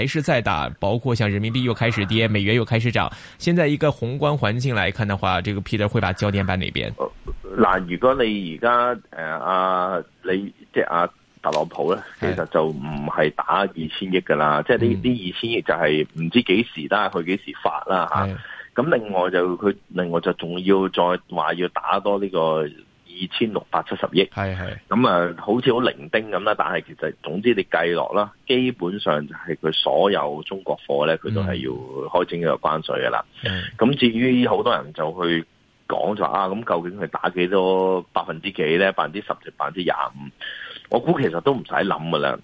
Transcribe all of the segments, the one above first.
還是再打，包括像人民幣又開始跌，美元又開始漲。現在一個宏觀環境來看的話，這個 Peter 會把焦點擺哪邊？嗱，如果你而家誒阿你即係阿特朗普咧，其實就唔係打二千億噶啦，的即係呢啲二千億就係唔知幾時啦，佢幾時發啦吓。咁另外就佢，另外就仲要再話要打多呢個。二千六百七十億，咁啊是是，好似好零丁咁啦。但係其實總之你計落啦，基本上就係佢所有中國貨咧，佢都係要開徵呢個關稅噶啦。咁是的 至於好多人就去講就啊，咁究竟佢打幾多百分之幾咧？百分之十至百分之廿五？我估其實都唔使諗噶啦，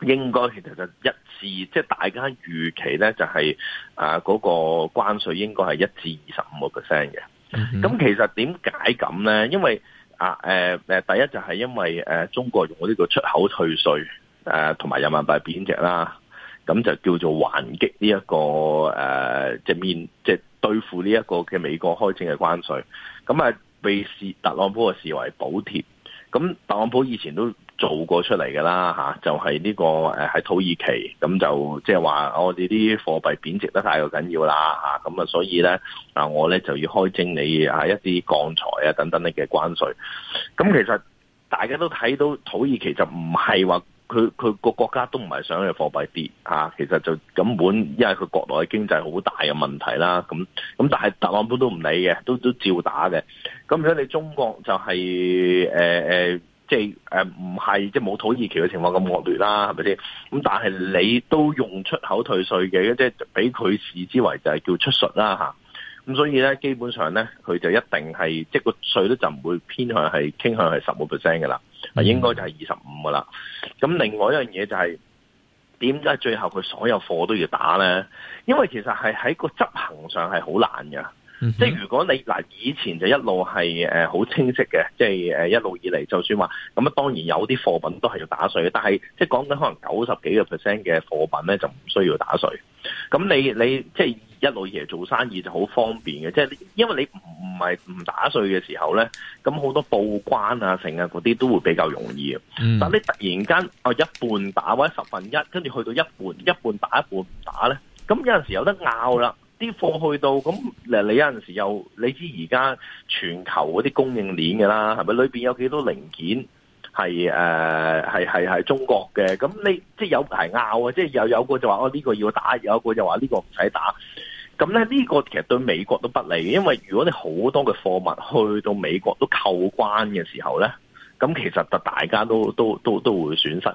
應該其實就一至即係大家預期咧、就是，就係啊嗰、那個關稅應該係一至二十五個 percent 嘅。咁、嗯、哼 其實點解咁咧？因為啊、呃，第一就係因為、呃、中國用我呢個出口退稅，誒同埋人民幣貶值啦，咁、啊、就叫做還擊呢、這、一個誒，即、呃、面，即係對付呢一個嘅美國開徵嘅關稅，咁啊被視特朗普啊視為補貼。咁特朗普以前都做過出嚟噶啦吓就係呢個誒喺土耳其，咁就即係話我哋啲貨幣貶值得太過緊要啦，吓咁啊，所以咧啊我咧就要開徵你啊一啲鋼材啊等等嘅關稅。咁其實大家都睇到土耳其就唔係話佢佢個國家都唔係想佢貨幣跌，啊、其實就根本因為佢國內嘅經濟好大嘅問題啦，咁咁但係特朗普都唔理嘅，都都照打嘅。咁如果你中國就係誒即係誒唔係即係冇土耳其嘅情況咁惡劣啦，係咪先？咁但係你都用出口退稅嘅，即係俾佢視之為就係叫出術啦咁、啊、所以咧，基本上咧，佢就一定係即係個稅都就唔、是、會偏向係傾向係十五 percent 嘅啦，嗯、應該就係二十五嘅啦。咁另外一樣嘢就係點解最後佢所有貨都要打咧？因為其實係喺個執行上係好難㗎。嗯、即係如果你嗱以前就一路係誒好清晰嘅，即係誒一路以嚟就算話咁啊，當然有啲貨品都係要打稅嘅。但係即係講緊可能九十幾個 percent 嘅貨品咧，就唔需要打稅。咁你你即係、就是、一路以嚟做生意就好方便嘅，即係因為你唔唔係唔打稅嘅時候咧，咁好多報關啊、成啊嗰啲都會比較容易啊。嗯、但係你突然間啊一半打或者十分一，跟住去到一半一半打一半唔打咧，咁有陣時有得拗啦。啲貨去到咁，嗱你，你有陣時又，你知而家全球嗰啲供應鏈㗎啦，係咪裏面有幾多零件係誒係係係中國嘅？咁你即係有排拗啊！即係又有，有，有個就話哦呢、呢個要打，有個就話呢個唔使打。咁咧呢個其實對美國都不利，因為如果你好多嘅貨物去到美國都扣關嘅時候咧，咁其實就大家都都都都會損失。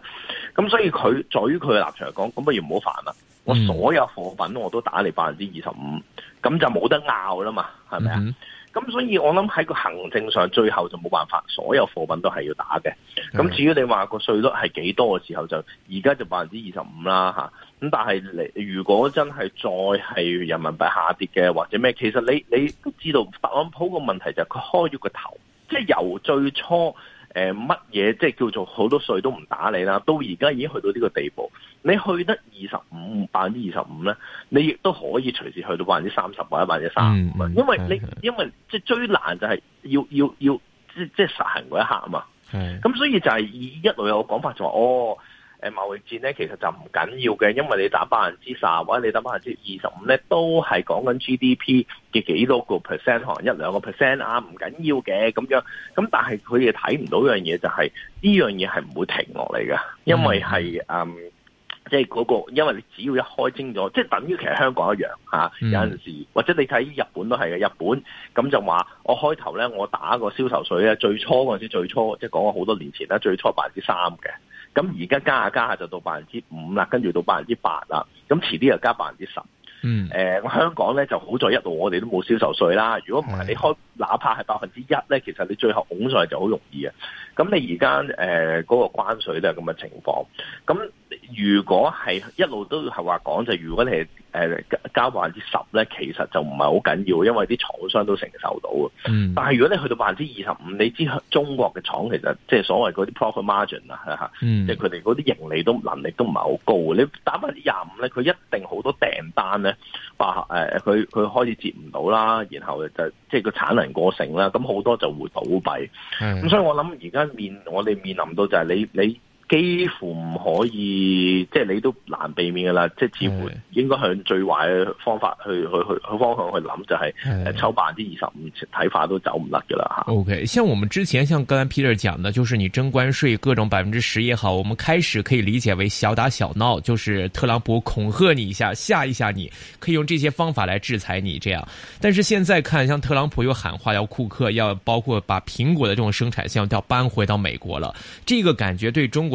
咁所以佢在於佢嘅立場嚟講，咁不如唔好煩啦。我所有貨品我都打你百分之二十五，咁就冇得拗啦嘛，係咪啊？咁、mm hmm。所以我諗喺個行政上，最後就冇辦法，所有貨品都係要打嘅。咁至於你話個稅率係幾多嘅時候，就而家就百分之二十五啦吓。咁但係你如果真係再係人民幣下跌嘅或者咩，其實你你都知道，特朗普個問題就係佢開咗個頭，即係由最初。誒乜嘢即係叫做好多稅都唔打你啦，到而家已經去到呢個地步，你去得二十五百分之二十五咧，你亦都可以隨時去到百分之三十或者百分之三十五啊，嗯嗯、因為你是的 因為即係最難就係要要要即即實行嗰一下啊嘛，咁是的 所以就係以一路有個講法就話、是、哦，誒貿易戰咧，其實就唔緊要嘅，因為你打百分之十或者你打百分之二十五咧，都係講緊 GDP 嘅幾多個 percent，可能一兩個 percent 啊，唔緊要嘅咁樣。咁但係佢哋睇唔到一樣嘢、就係，就係呢樣嘢係唔會停落嚟嘅，因為係誒，即係嗰個，因為你只要一開清咗，即係等於其實香港一樣、啊 mm hmm. 有陣時或者你睇日本都係嘅，日本咁就話我開頭咧，我打個銷售稅咧，最初嗰陣時最初即係講過好多年前啦，最初百分之三嘅。咁而家加下加下就到百分之五啦，跟住到百分之八啦，咁遲啲又加百分之十。誒，香港咧就好在一路我哋都冇銷售稅啦。如果唔係你開，哪怕係百分之一咧，其實你最後拱上去就好容易嘅。咁你而家誒嗰個關稅都係咁嘅情況，咁、嗯。如果係一路都係話講，就如果你係誒、呃、加百分之十咧，其實就唔係好緊要，因為啲廠商都承受到。嗯。但係如果你去到百分之二十五，你知中國嘅廠其實即係所謂嗰啲 profit margin 啊嚇即係佢哋嗰啲盈利都能力都唔係好高。你打百分之廿五咧，佢一定好多訂單咧，話佢佢、呃、開始接唔到啦，然後就即係個產能過剩啦，咁好多就會倒閉。咁是的、嗯、所以我諗而家面我哋面臨到就係你你。你幾乎唔可以，即係你都難避免噶啦，即係似乎應該向最壞嘅方法去的去去方向去諗，就是，就係的抽百分之二十五睇法，都走唔甩嘅啦。O K，像我們之前，像剛才 Peter 講嘅，就是你徵關稅，各種百分之十也好，我們開始可以理解為小打小鬧，就是特朗普恐吓你一下，吓一下你，你可以用這些方法來制裁你，這樣。但是現在看，像特朗普又喊話要庫克，要包括把蘋果的這種生產線要搬回到美國了，這個感覺對中國。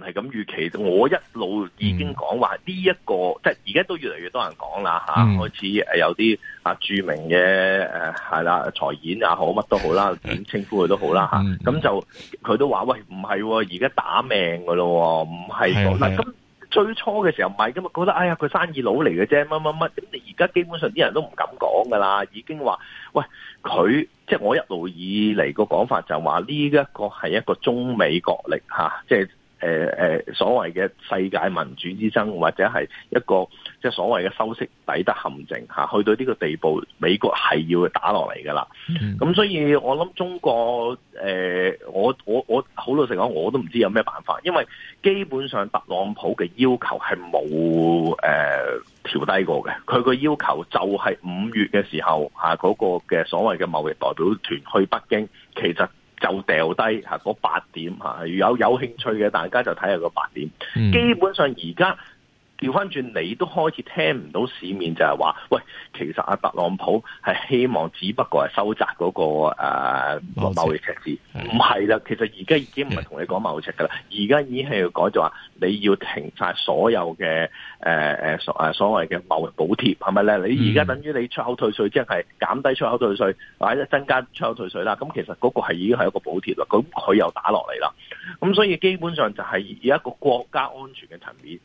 係咁預期，我一路已經講話呢一個，嗯、即係而家都越嚟越多人講啦嚇，開始、嗯、有啲啊著名嘅誒係啦財演啊，好乜都好啦，點稱呼佢都好啦嚇，咁、嗯、就佢都話喂，唔係，而家打命噶咯，唔係喎。嗱咁是的 最初嘅時候唔係咁啊，覺得哎呀佢生意佬嚟嘅啫，乜乜乜。咁你而家基本上啲人都唔敢講噶啦，已經話喂佢，即係我一路以嚟個講法就話呢一個係一個中美角力、啊、即誒誒，所謂嘅世界民主之爭，或者係一個即係所謂嘅修飾抵得陷阱嚇，去到呢個地步，美國係要打落嚟噶啦。咁、嗯、所以我諗中國、呃，我諗中國誒，我我我好老實講，我都唔知有咩辦法，因為基本上特朗普嘅要求係冇誒調低過嘅，佢個要求就係五月嘅時候嚇嗰、啊嗰個嘅所謂嘅貿易代表團去北京，其實。就掉低吓嗰八點，如有有興趣嘅大家就睇下個八點，基本上而家。調翻轉，你都開始聽唔到市面就係話，喂，其實阿特朗普係希望只不過係收窄嗰個誒貿易赤字，唔係啦，其實而家已經唔係同你講貿易赤噶啦，而家的已經係要改就話，你要停晒所有嘅誒誒所誒所謂嘅貿易補貼，係咪咧？你而家等於你出口退稅，即係減低出口退稅，或者增加出口退稅啦，咁其實嗰個係已經係一個補貼啦，咁佢又打落嚟啦，咁所以基本上就係以一個國家安全嘅層面。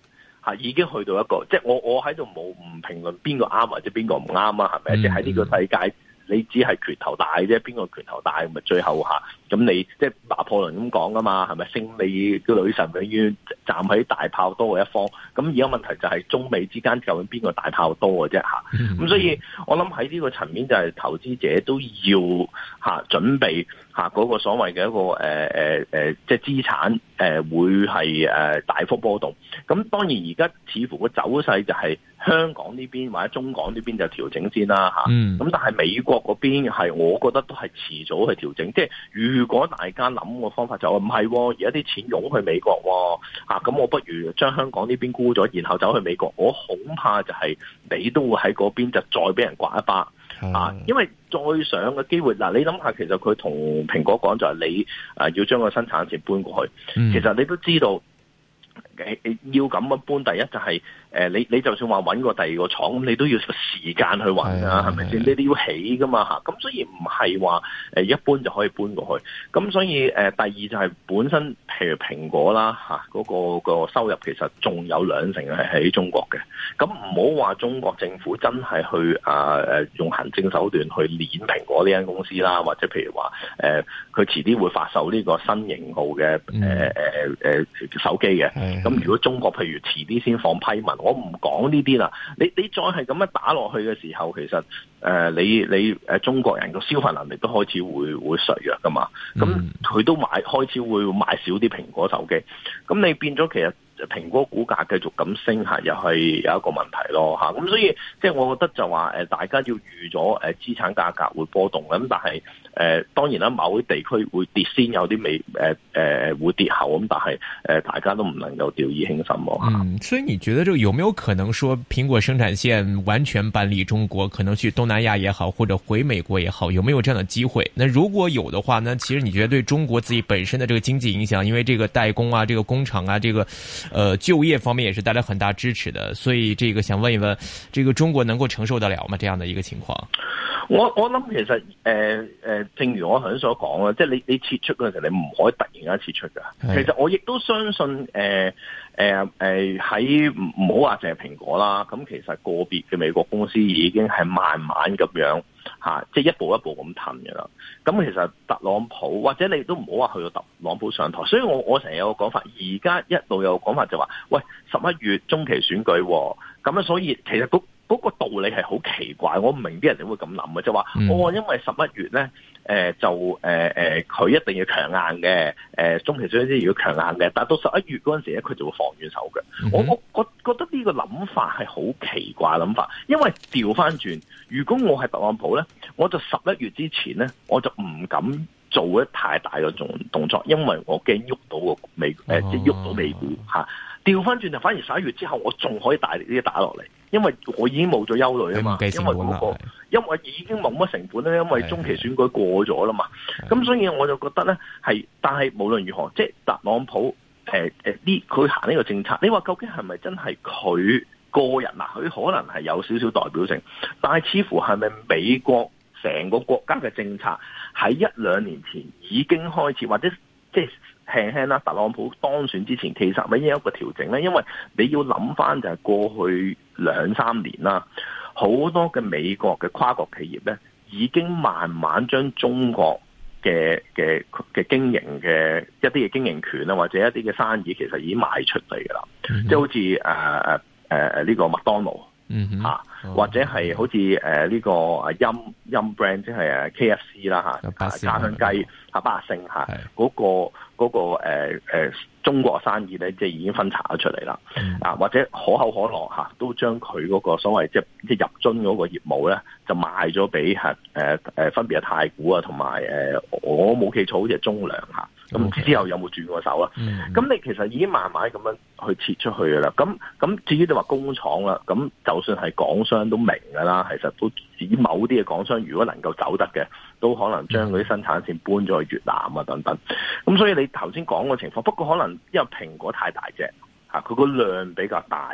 吓，已經去到一個，即係我我喺度冇唔評論邊個啱或者邊個唔啱啊，係咪？即係喺呢個世界，你只係拳頭大啫，邊個拳頭大咪最後吓，咁你即係拿破崙咁講噶嘛，係咪？勝利嘅女神永遠站喺大炮多嘅一方，咁而家問題就係中美之間究竟邊個大炮多嘅啫吓，咁、嗯、所以我諗喺呢個層面就係投資者都要吓、啊、準備。嚇嗰、啊那個所謂嘅一個誒誒誒，即係資產誒、呃、會係誒、呃、大幅波動。咁當然而家似乎個走勢就係香港呢邊或者中港呢邊就調整先啦嚇。咁、啊、但係美國嗰邊係我覺得都係遲早去調整。即係如果大家諗個方法就話唔、是、係，而家啲錢湧去美國喎、哦，咁、啊、我不如將香港呢邊沽咗，然後走去美國。我恐怕就係你都會喺嗰邊就再俾人刮一巴。啊！ 因為再上嘅機會嗱，你諗下，其實佢同蘋果講就係你誒要將個生產線搬過去，其實你都知道。要咁樣搬，第一就係、是呃、你你就算話揾個第二個廠，咁你都要時間去揾啊，係咪先？呢啲要起噶嘛嚇，咁所以唔係話一搬就可以搬過去。咁所以、呃、第二就係本身譬如蘋果啦嗰、啊嗰個、嗰個收入其實仲有兩成係喺中國嘅。咁唔好話中國政府真係去、啊、用行政手段去碾蘋果呢間公司啦，或者譬如話佢、呃、遲啲會發售呢個新型號嘅、呃嗯呃、手機嘅。咁如果中國譬如遲啲先放批文，我唔講呢啲啦。你你再係咁樣打落去嘅時候，其實誒、呃、你你中國人嘅消費能力都開始會會削弱噶嘛。咁佢都買開始會買少啲蘋果手機。咁你變咗其實。蘋果股價繼續咁升下又係有一個問題咯吓，咁、嗯、所以即係我覺得就話誒，大家要預咗誒，資產價格會波動咁，但係誒、呃，當然啦，某啲地區會跌先，有啲未誒誒、呃、會跌後咁，但係誒、呃，大家都唔能夠掉以輕心喎、嗯嗯。所以你覺得這個有沒有可能說蘋果生產線完全搬離中國，可能去東南亞也好，或者回美國也好，有沒有這樣的機會？那如果有的話呢，呢其實你覺得對中國自己本身的這個經濟影響，因為這個代工啊，這個工廠啊，這個。呃，就業方面也是帶來很大支持的，所以這個想問一問，這個中國能夠承受得了嗎？這樣的一個情況？我我諗其實誒誒、呃呃，正如我頭先所講啦，即係你你撤出嗰陣時，你唔可以突然間撤出噶。的其實我亦都相信誒誒誒，喺唔唔好話淨係蘋果啦，咁其實個別嘅美國公司已經係慢慢咁樣吓、啊，即係一步一步咁褪噶啦。咁其實特朗普或者你都唔好話去到特朗普上台。所以我我成日有個講法，而家一路有講法就話、是，喂十一月中期選舉，咁啊，所以其實嗰個道理係好奇怪，我唔明啲人點會咁諗嘅，就話、是、我、嗯哦、因為十一月咧，誒、呃、就誒誒，佢、呃呃、一定要強硬嘅，誒、呃、中期追升先要強硬嘅，但到十一月嗰陣時咧，佢就會放軟手腳。嗯、我我我覺得呢個諗法係好奇怪諗法，因為調翻轉，如果我係特朗普咧，我就十一月之前咧，我就唔敢做一太大嘅動作，因為我驚喐到個尾誒，即係喐到美股嚇。調翻轉就反而十一月之後，我仲可以大力啲打落嚟。因為我已經冇咗憂慮啊嘛，了因為冇個，的因為已經冇乜成本咧，因為中期選舉過咗啦嘛，咁的所以我就覺得咧係，但係無論如何，即係特朗普誒誒呢，佢、呃呃、行呢個政策，你話究竟係咪真係佢個人嗱？佢可能係有少少代表性，但係似乎係咪美國成個國家嘅政策喺一兩年前已經開始或者？即係輕輕啦，特朗普當選之前其實已經有一個調整呢，因為你要諗返，就係過去兩三年啦，好多嘅美國嘅跨國企業呢，已經慢慢將中國嘅嘅嘅經營嘅一啲嘅經營權啊，或者一啲嘅生意其實已經賣出嚟噶啦，mm hmm. 即係好似誒誒誒呢個麥當勞。嗯吓，哦、或者係好似誒呢個音音，um, brand 即係誒 KFC 啦吓，家鄉雞吓百勝吓，那個，嗰個嗰個誒誒中國生意咧，即係已經分拆咗出嚟啦。啊、嗯，或者可口可樂吓，都將佢嗰個所謂即係即係入樽嗰個業務咧，就賣咗俾係誒誒，分別係太古啊，同埋誒我冇記錯好似係中糧吓。咁之後有冇轉過手啊？咁、okay. mm hmm. 你其實已經慢慢咁樣去撤出去㗎啦。咁咁至於你話工廠啦，咁就算係港商都明㗎啦。其實都以某啲嘅港商，如果能夠走得嘅，都可能將佢啲生產線搬咗去越南啊等等。咁、mm hmm. 所以你頭先講個情況，不過可能因為蘋果太大隻，佢個量比較大，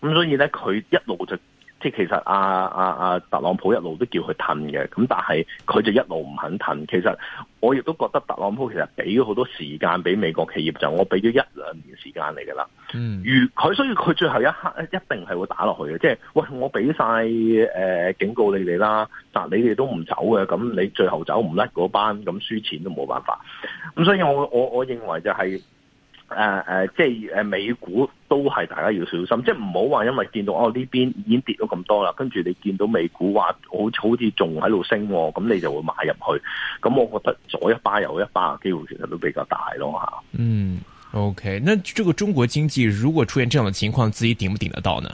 咁所以咧佢一路就。即係其實阿阿阿特朗普一路都叫佢褪嘅，咁但係佢就一路唔肯褪。其實我亦都覺得特朗普其實俾咗好多時間俾美國企業，就我俾咗一兩年時間嚟㗎啦。嗯，如佢所以佢最後一刻一定係會打落去嘅，即係喂我俾晒、呃、警告你哋啦，但、啊、係你哋都唔走嘅，咁你最後走唔甩嗰班，咁輸錢都冇辦法。咁所以我我我認為就係、係。誒誒、呃呃，即係誒，美股都係大家要小心，即係唔好話因為見到哦呢邊已經跌咗咁多啦，跟住你見到美股話好好似仲喺度升、哦，咁你就會買入去。咁我覺得左一巴右一巴嘅機會其實都比較大咯吓。嗯，OK，那呢個中國經濟如果出現這樣的情況，自己頂唔頂得到呢？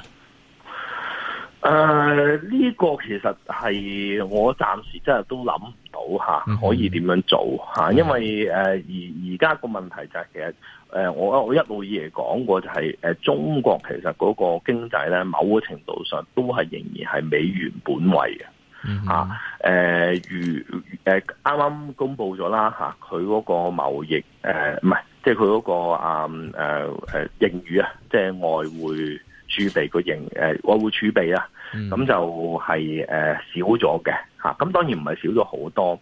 誒、呃，呢、這個其實係我暫時真係都諗唔到吓，可以點樣做吓？嗯、哼因為誒而而家個問題就係其實。誒、呃，我我一路以嚟講過就係、是，誒、呃，中國其實嗰個經濟咧，某個程度上都係仍然係美元本位嘅，啊，誒，如誒，啱啱公布咗啦，吓，佢嗰個貿易誒，唔、呃、係，即係佢嗰個啊，誒，誒，盈餘啊，即係外匯儲備個盈，誒、呃，外匯儲備啦、啊，咁、mm hmm. 就係、是、誒、呃、少咗嘅，吓、啊，咁當然唔係少咗好多，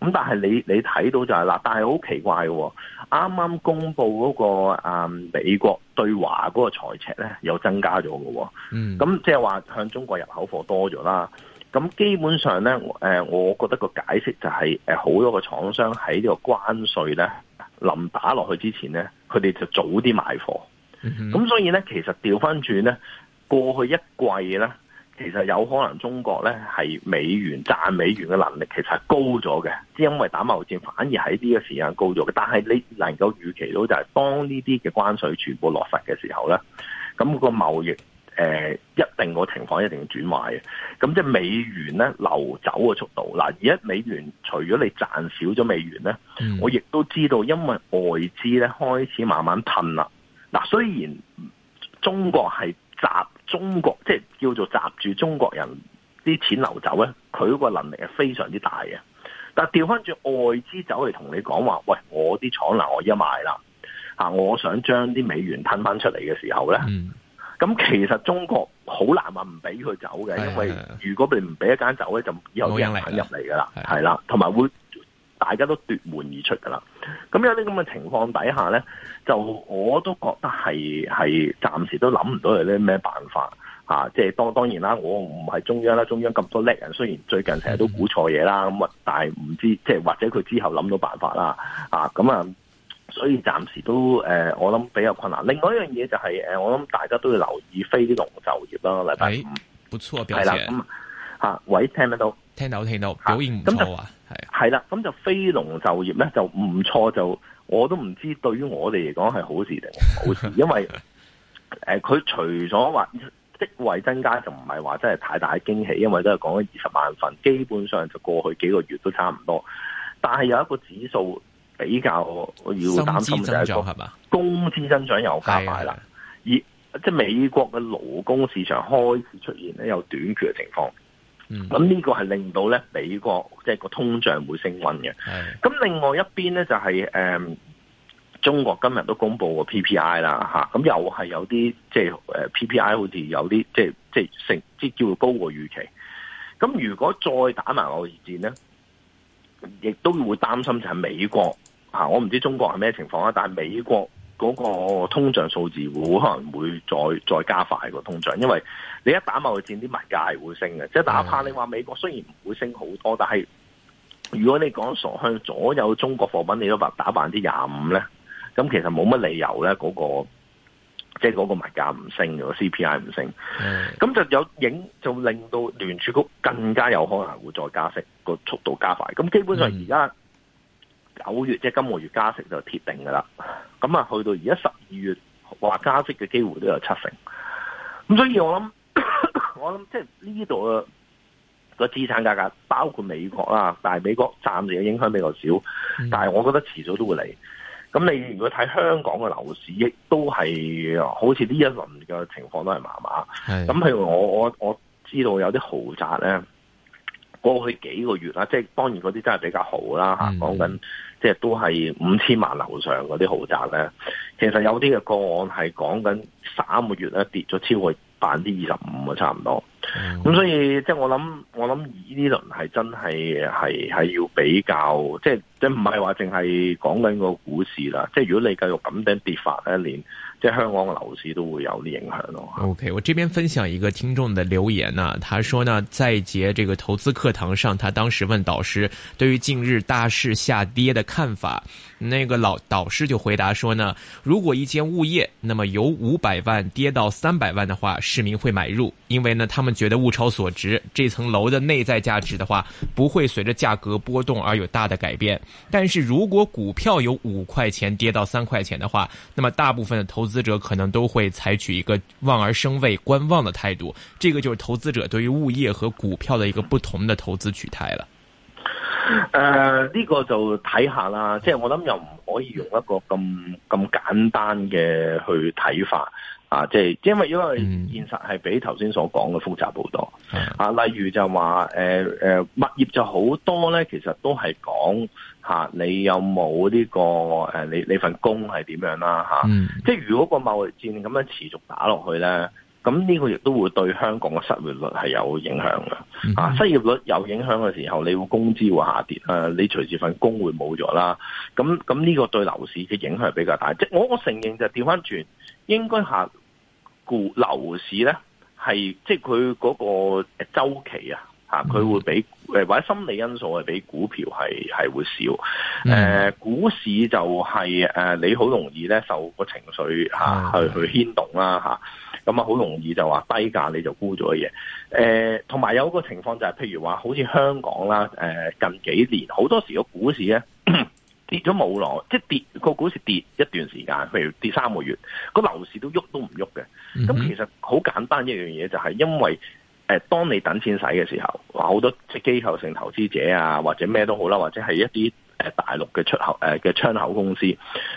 咁但係你你睇到就係、是、啦，但係好奇怪嘅、哦。啱啱公布嗰、那個、嗯、美國對華嗰個財赤咧，有增加咗嘅喎。嗯，咁即係話向中國入口貨多咗啦。咁基本上咧、呃，我覺得個解釋就係、是、好、呃、多個廠商喺呢個關稅咧臨打落去之前咧，佢哋就早啲買貨。咁、mm hmm. 所以咧，其實調翻轉咧，過去一季咧。其實有可能中國咧係美元賺美元嘅能力其實係高咗嘅，只因為打貿易戰反而喺呢個時間高咗嘅。但係你能夠預期到就係，當呢啲嘅關稅全部落實嘅時候咧，咁、個貿易誒、呃、一定個情況一定要轉壞嘅。咁即係美元咧流走嘅速度。嗱，而家美元除咗你賺少咗美元咧，我亦都知道，因為外資咧開始慢慢褪啦。嗱，雖然中國係賺。中國即係叫做集住中國人啲錢流走咧，佢嗰個能力係非常之大嘅。但係調翻轉外資走嚟同你講話，喂，我啲廠嗱我而家賣啦，嚇，我想將啲美元吞翻出嚟嘅時候咧，咁、嗯、其實中國好難話唔俾佢走嘅，因為如果你唔俾一間走咧，就冇人肯入嚟㗎啦，係啦，同埋會大家都奪門而出㗎啦。咁有啲咁嘅情況底下咧，就我都覺得係係暫時都諗唔到有啲咩辦法吓、啊，即係當當然啦，我唔係中央啦，中央咁多叻人，雖然最近成日都估錯嘢啦，咁啊、嗯，但係唔知即係或者佢之後諗到辦法啦，啊，咁啊，所以暫時都誒、呃，我諗比較困難。另外一樣嘢就係、是、誒，我諗大家都要留意非農就業啦。嚟，但係、哎、不錯表，表係啦，咁、嗯、吓、啊，喂，聽得到？聽到聽到，表現唔錯啊！啊係啦，咁就非農就業咧就唔錯，就我都唔知對於我哋嚟講係好事定唔好事，因為誒佢、 呃、除咗話職位增加就唔係話真係太大嘅驚喜，因為都係講咗二十萬份，基本上就過去幾個月都差唔多。但係有一個指數比較要擔心嘅就係一工資，工資增長又加快啦，的而即係美國嘅勞工市場開始出現咧有短缺嘅情況。咁呢、嗯、個係令到咧美國即係個通脹會升溫嘅。咁的另外一邊咧就係、是、誒、嗯，中國今日都公布個 P P I 啦、啊、吓，咁又係有啲即係、就、誒、是、P P I 好似有啲即係即係成即係叫做高過預期。咁如果再打埋我一戰咧，亦都會擔心就係美國吓，我唔知中國係咩情況呀，但係美國。啊嗰個通脹數字會好可能會再再加快個通脹，因為你一打貿戰，啲物價係會升嘅。即係哪怕你話美國的雖然唔會升好多，但係如果你講所向所有中國貨品，你都打百分之廿五咧，咁其實冇乜理由咧，嗰、嗰個即係嗰個物價唔升 CPI 唔升，咁的就有影就令到聯儲局更加有可能會再加息、個速度加快。咁基本上而家。九月即係、就是、今個月加息就鐵定㗎啦，咁啊去到而家十二月話加息嘅機會都有七成，咁所以我諗我諗即係呢度嘅個資產價格，包括美國啦，但係美國暫時嘅影響比較少，嗯、但係我覺得遲早都會嚟。咁你如果睇香港嘅樓市是，亦都係好似呢一輪嘅情況都係麻麻。咁譬如我我我知道有啲豪宅咧。過去幾個月啦，即係當然嗰啲真係比較好啦嚇，講緊即係都係五千萬樓上嗰啲豪宅咧，其實有啲嘅個案係講緊三個月咧跌咗超過百分之二十五啊，差唔多。咁、嗯、所以即係我諗，我諗呢輪係真係係係要比較，即係即係唔係話淨係講緊個股市啦，即係如果你繼續咁樣跌法一年。香港樓市都會有影響咯。OK，我這邊分享一個聽眾的留言呢啊，他說呢，在一節這個投資課堂上，他當時問導師對於近日大市下跌的看法，那個老導師就回答說呢，如果一間物業，那麼由五百萬跌到三百萬的話，市民會買入，因為呢，他們覺得物超所值，這層樓的內在價值的話，不會隨着價格波動而有大的改變。但是如果股票由五塊錢跌到三塊錢的話，那麼大部分的投資投資者可能都會採取一個望而生畏、觀望的態度，這個就是投資者對於物業和股票的一個不同的投資取態了。誒、呃、呢、這個就睇下啦，即、就、係、是、我諗又唔可以用一個咁咁簡單嘅去睇法啊，即、就、係、是、因為因為現實係比頭先所講嘅複雜好多啊。例如就話誒誒，物業就好多咧，其實都係講。吓你有冇呢、呢個誒？你你份工係點樣啦？吓、mm，即、hmm. 係如果個貿易戰咁樣持續打落去咧，咁呢個亦都會對香港嘅失業率係有影響、mm hmm. 失業率有影響嘅時候，你會工資會下跌，你隨時份工會冇咗啦。咁咁呢個對樓市嘅影響比較大。即係我我承認就調翻轉，應該下。股樓市咧係即係佢嗰個周期啊吓，佢會俾。或者心理因素係比股票係係會少誒、mm hmm. 呃。股市就係、是、誒、呃，你好容易咧受個情緒去去牽動啦咁啊，好、mm hmm. 啊、容易就話低價你就沽咗嘅嘢誒。同、呃、埋有個情況就係、是，譬如話好似香港啦誒、呃，近幾年好多時個股市咧 跌咗冇耐，即係跌個股市跌一段時間，譬如跌三個月，個樓市都喐都唔喐嘅。咁、mm hmm. 其實好簡單一樣嘢，就係因為誒、呃，當你等錢使嘅時候。好多即係機構性投資者啊，或者咩都好啦，或者係一啲誒大陸嘅出口誒嘅窗口公司，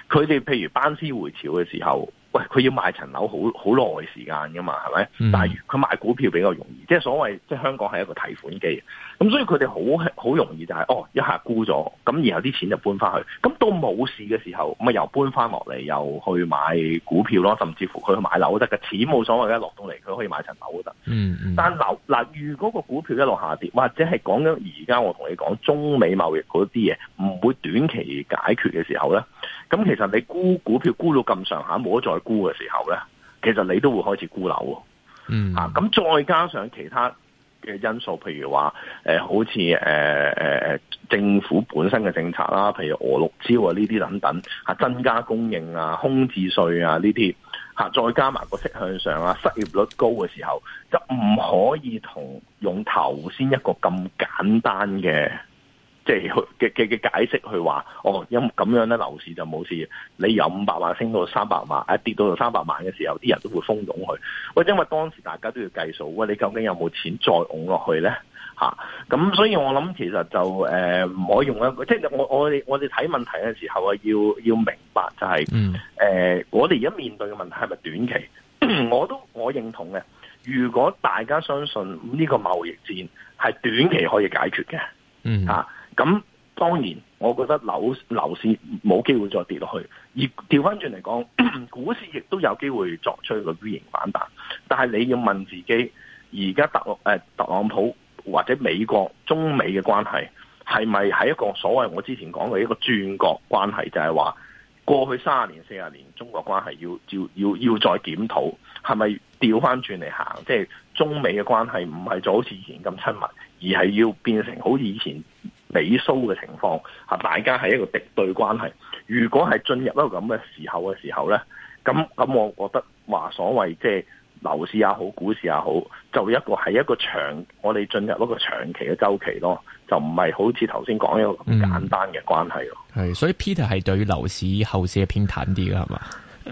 佢哋譬如班師回朝嘅時候。喂，佢要賣層樓，好好耐時間噶嘛，係咪？嗯、但係佢賣股票比較容易，即係所謂即係香港係一個提款機，咁所以佢哋好好容易就係、是、哦一下沽咗，咁然後啲錢就搬翻去，咁到冇事嘅時候，咁咪又搬翻落嚟，又去買股票咯，甚至乎佢去買樓都得嘅，錢冇所謂嘅，落到嚟佢可以買層樓都得。嗯，嗯但樓嗱，如果個股票一路下跌，或者係講緊而家我同你講中美貿易嗰啲嘢，唔會短期解決嘅時候咧？咁其實你沽股票沽到咁上下冇得再沽嘅時候咧，其實你都會開始沽樓，嗯吓，咁、啊、再加上其他嘅因素，譬如話誒，好似誒誒誒，政府本身嘅政策啦，譬如俄辣招啊呢啲等等，吓，增加供應啊，空置稅啊呢啲，吓、啊、再加埋個息向上啊，失業率高嘅時候，就唔可以同用頭先一個咁簡單嘅。即係去嘅嘅嘅解釋去話，哦，因咁樣咧，樓市就冇事。你由五百萬升到三百萬，一、啊、跌到到三百萬嘅時候，啲人都會蜂擁去。喂，因為當時大家都要計數，喂，你究竟有冇錢再拱落去咧？咁、啊、所以我諗其實就誒，唔、呃、可以用一個，即係我我哋我哋睇問題嘅時候啊，要要明白就係、是，誒、呃，我哋而家面對嘅問題係咪短期？我都我認同嘅。如果大家相信呢個貿易戰係短期可以解決嘅，嗯、吓，咁當然，我覺得樓樓市冇機會再跌落去，而調翻轉嚟講，股市亦都有機會作出一個 V 型反彈。但係你要問自己，而家特、呃、特朗普或者美國中美嘅關係係咪喺一個所謂我之前講嘅一個轉角關係？就係話過去三十年四十年中國關係要要要要再檢討，係咪調翻轉嚟行？即係中美嘅關係唔係就好似以前咁親密，而係要變成好似以前。美蘇嘅情況下，大家係一個敵對關係。如果係進入一個咁嘅時候嘅時候咧，咁咁，我覺得話所謂即係樓市也好，股市也好，就一個係一個長，我哋進入一個長期嘅周期咯，就唔係好似頭先講一個咁簡單嘅關係咯。係、嗯，所以 Peter 係對於樓市後市係偏淡啲嘅係嘛？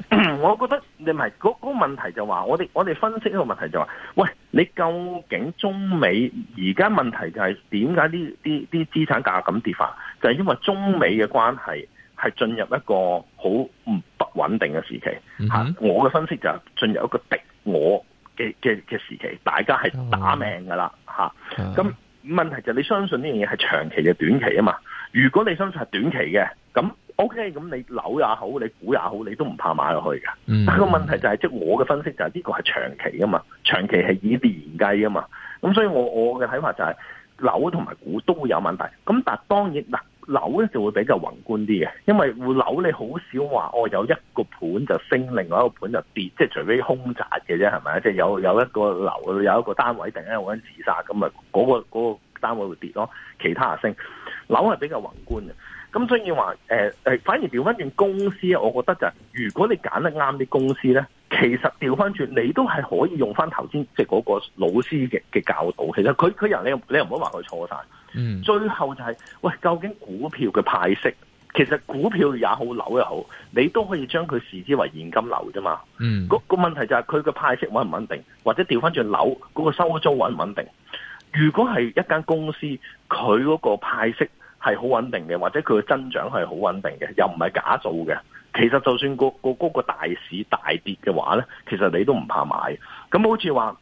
我覺得你唔係嗰問題就話，我哋我哋分析呢個問題就話，喂，你究竟中美而家問題就係點解呢啲啲資產價格咁跌法？就係、是、因為中美嘅關係係進入一個好唔不穩定嘅時期吓。嗯、哼我嘅分析就係進入一個敵我嘅嘅嘅時期，大家係打命噶啦吓。咁、嗯哼啊、問題就係你相信呢樣嘢係長期嘅、短期啊嘛？如果你相信係短期嘅，咁。O K，咁你樓也好，你股也好，你都唔怕買落去㗎。嗯嗯但個問題就係、是，即、就、係、是、我嘅分析就係呢個係長期啊嘛，長期係以年計啊嘛。咁所以我我嘅睇法就係、是、樓同埋股都會有問題。咁但當然嗱，樓咧就會比較宏觀啲嘅，因為樓你好少話，我、哦、有一個盤就升，另外一個盤就跌，即係除非凶宅嘅啫，係咪？即係有有一個樓有一個單位突然間有人自殺咁啊，嗰、那個那個單位會跌咯，其他啊升。樓係比較宏觀嘅。咁所以話誒誒，反而調翻轉公司，我覺得就係如果你揀得啱啲公司咧，其實調翻轉你都係可以用翻頭先即係嗰個老師嘅嘅教導。其實佢佢人你你又唔好話佢錯晒。嗯，最後就係喂，究竟股票嘅派息，其實股票也好，樓又好，你都可以將佢視之為現金流啫嘛。嗯，個個問題就係佢嘅派息穩唔穩定，或者調翻轉樓嗰個收租穩唔穩定？如果係一間公司，佢嗰個派息。係好穩定嘅，或者佢嘅增長係好穩定嘅，又唔係假造嘅。其實就算個個個個大市大跌嘅話咧，其實你都唔怕買。咁好似話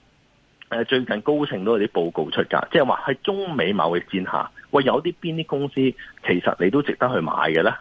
誒，最近高盛都有啲報告出噶，即係話喺中美貿易戰下，喂，有啲邊啲公司其實你都值得去買嘅咧。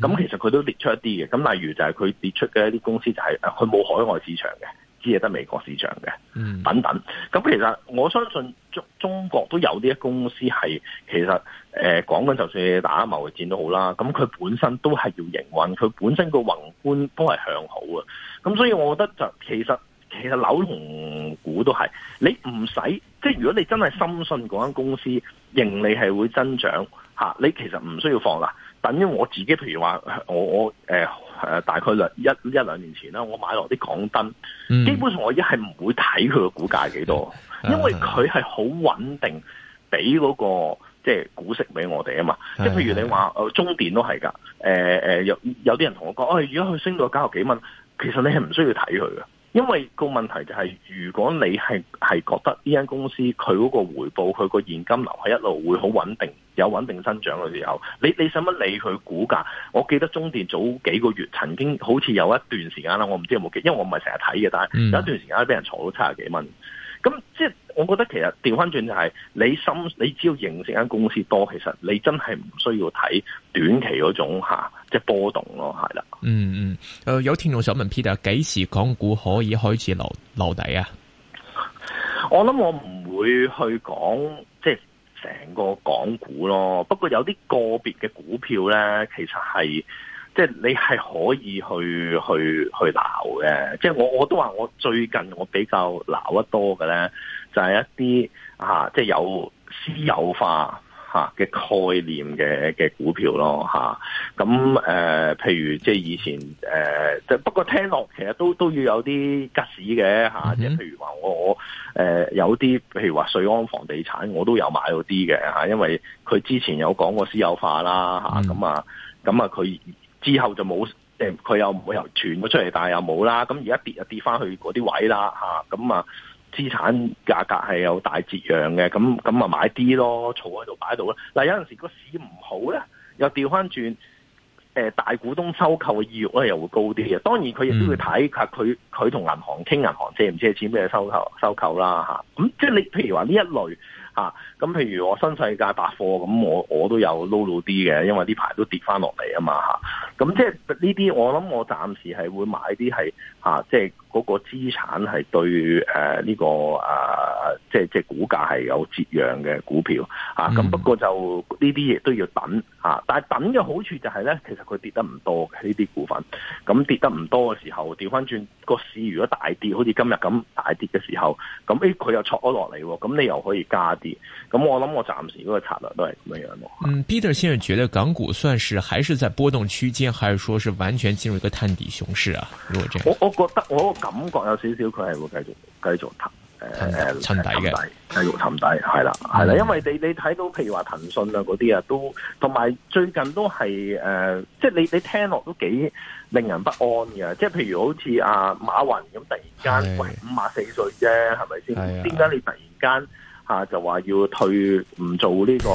咁其實佢都列出一啲嘅。咁例如就係佢列出嘅一啲公司，就是，就係佢冇海外市場嘅，只係得美國市場嘅，等等。咁其實我相信中中國都有啲公司係其實。誒，講緊、呃、就算打貿易戰都好啦，咁佢本身都係要營運，佢本身個宏觀都係向好啊。咁所以我覺得就其實其實樓同股都係，你唔使即係，如果你真係深信嗰間公司盈利係會增長吓、啊，你其實唔需要放啦。等於我自己，譬如話我我誒誒、呃，大概兩一一兩年前啦，我買落啲港燈，嗯、基本上我一係唔會睇佢個股價幾多，嗯啊、因為佢係好穩定，俾嗰、那個。即係股息俾我哋啊嘛！即係譬如你話，中電都係噶，誒、呃、有有啲人同我講，哦、哎，如果佢升到九十幾蚊，其實你係唔需要睇佢嘅，因為個問題就係、是，如果你係係覺得呢間公司佢嗰個回報，佢個現金流係一路會好穩定，有穩定增長嘅時候，你你使乜理佢股價？我記得中電早幾個月曾經好似有一段時間啦，我唔知有冇記，因為我唔係成日睇嘅，但係有一段時間俾人坐到七十幾蚊。咁即係，我覺得其實掉返轉就係、是，你心，你只要認識間公司多，其實你真係唔需要睇短期嗰種吓、啊，即係波動咯，係啦。嗯嗯，誒、呃，有聽眾想問 Peter，幾時港股可以開始留留底啊？我諗我唔會去講即係成個港股咯，不過有啲個別嘅股票咧，其實係。即係你係可以去去去鬧嘅，即係我我都話我最近我比較鬧得多嘅咧，就係一啲即係有私有化嚇嘅概念嘅嘅股票咯嚇。咁、啊呃、譬如即係以前誒、呃，不過聽落其實都都要有啲急屎嘅、啊、嚇，即係、mm hmm. 譬如話我我、呃、有啲譬如話瑞安房地產，我都有買到啲嘅嚇，因為佢之前有講過私有化啦嚇，咁啊咁啊佢。啊之後就冇誒，佢又唔會由傳咗出嚟，但係又冇啦。咁而家跌就跌翻去嗰啲位啦，嚇咁啊，資產價格係有大折讓嘅。咁咁啊，買啲咯，儲喺度擺度啦。嗱，有陣時個市唔好咧，又調翻轉誒，大股東收購嘅意欲咧又會高啲。當然佢亦都會睇下佢佢同銀行傾銀行借唔借錢俾佢收購收購啦，咁、啊啊、即係你譬如話呢一類。吓，咁、啊、譬如我新世界百貨，咁我我都有撈到啲嘅，因為呢排都跌翻落嚟啊嘛吓，咁即係呢啲我諗我暫時係會買啲係吓，即係。嗰個資產係對呢、呃這個啊、呃，即係即係股價係有折讓嘅股票啊。咁不過就呢啲嘢都要等啊。但係等嘅好處就係咧，其實佢跌得唔多嘅呢啲股份。咁、嗯、跌得唔多嘅時候，調翻轉個市，如果大跌，好似今日咁大跌嘅時候，咁誒佢又挫咗落嚟，咁、嗯、你又可以加跌。咁我諗我暫時嗰個策略都係咁樣樣咯。嗯，Peter 現在覺得港股算是還是在波動區間，還是說是完全進入一個探底熊市啊？如果我我覺得我。感覺有少少，佢係會繼續繼續騰，誒誒沉底嘅，繼續沉底，係啦，係啦的，因為你你睇到譬如話騰訊啊嗰啲啊，都同埋最近都係誒、呃，即係你你聽落都幾令人不安嘅，即係譬如好似阿馬雲咁，突然間，喂的，五十四歲啫，係咪先？點解你突然間？吓、啊、就話要退唔做、這個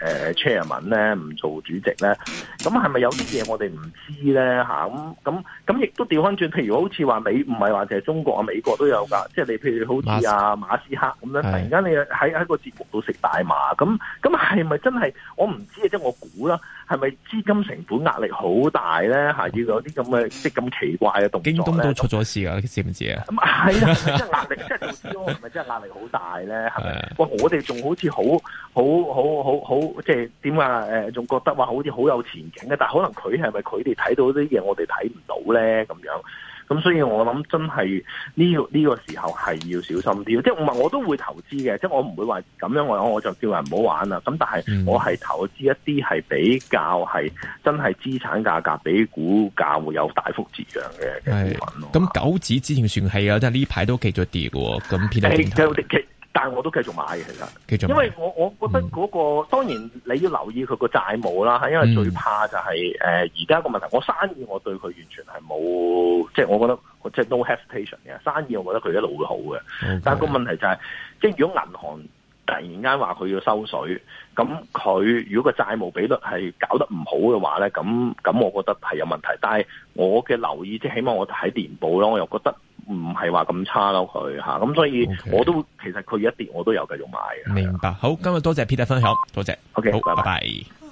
呃、呢個誒 chairman 咧，唔做主席咧，咁係咪有啲嘢我哋唔知咧吓？咁咁咁亦都調翻轉，譬如好似話美唔係話淨係中國啊，美國都有㗎。即、就、係、是、你譬如好似阿、啊、馬斯克咁樣，突然間你喺喺個節目度食大麻，咁咁係咪真係我唔知啊？即係我估啦。係咪資金成本壓力好大咧？嚇，要有啲咁嘅即，咁奇怪嘅動作，京東都出咗事㗎知唔知啊？係啊，即係 壓力，即係京東係咪真係壓力好大咧？係咪？ 哇！我哋仲好似好好好好好，即係點講？誒，仲覺得話好似好有前景嘅，但係可能佢係咪佢哋睇到啲嘢，我哋睇唔到咧？咁樣。咁所以我諗真係呢，這個呢，這個時候係要小心啲，即係我我都會投資嘅，即，就，係，是，我唔會話咁樣我我就叫人唔好玩啦。咁但係我係投資一啲係比較係真係資產價格比股價會有大幅折讓嘅。咁九指之前算係啊，但係呢排都繼咗跌喎。咁撇低。但係我都繼續買嘅，其實繼續，因為我我覺得嗰、那個、嗯、當然你要留意佢個債務啦，嚇，因為最怕就係誒而家個問題。我生意，我對佢完全係冇，即係我覺得即係 no hesitation 嘅生意，我覺得佢一路會好嘅。Okay. 但係個問題就係、是，即係如果銀行。突然間話佢要收水，咁佢如果個債務比率係搞得唔好嘅話咧，咁咁我覺得係有問題。但係我嘅留意，即係起碼我睇年報咯，我又覺得唔係話咁差咯佢吓，咁所以我都 Okay. 其實佢一跌我都有繼續買嘅。明白，好，今日多謝 Peter 分享，多謝，okay, 好，拜拜 bye。Bye bye